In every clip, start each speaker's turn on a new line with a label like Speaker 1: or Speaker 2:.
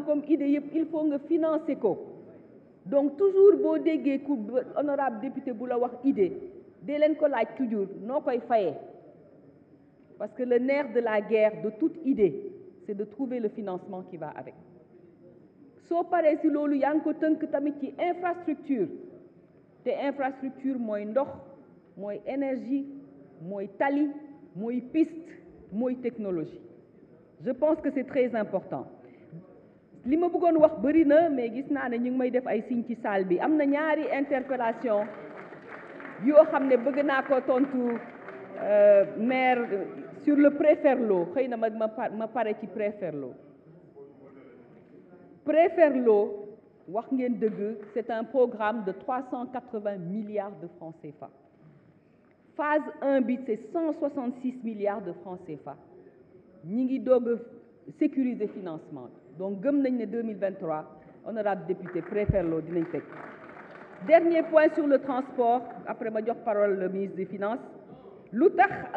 Speaker 1: comme idée il faut nga financer ko donc toujours beau déggee honorable député bu wax idée Délen ko laaj toujours faut parce que le nerf de la guerre de toute idée c'est de trouver le financement qui va avec So paree si vous yaa ngi ko tënk tamit ci infrastructure Té infrastructure moy ndox moy énergie moy tali moy piste moy technologie je pense que c'est très important li ma bëggoon wax bëri na mais gis naa ne ñu ngi may def ay signe ci salle bi am ñaari interpellation yoo xam ne bëgg naa euh, sur le Préferlo xëy na ma ma pare ci Préferlo Préferlo wax ngeen dëgg c'est un programme de 380 milliards de francs CFA phase 1 c'est 166 milliards de francs CFA ñi ngi sécuriser le financement donc nous nañ en 2023 honorable député préfère l'eau dernier point sur le transport après ma parole le ministre des finances Nous a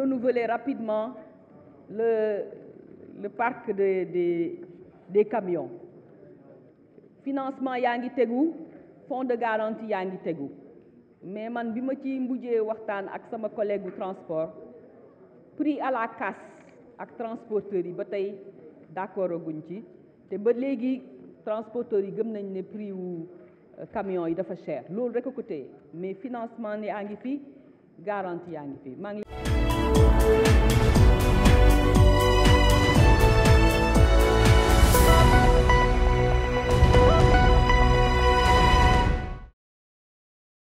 Speaker 1: renouveler rapidement le parc des camions financement a fonds de garantie a mais man bima ci mbujé waxtan ak sama transport prix à la casse ak transporteur yi d'accord aguñ ci te ba léegi transporteurs yi gëm nañ ne prix wu euh, camion yi dafa cher loolu rek a ko téye mais financement ni yaa ngi fii garantie yaa ngi fi maa ngi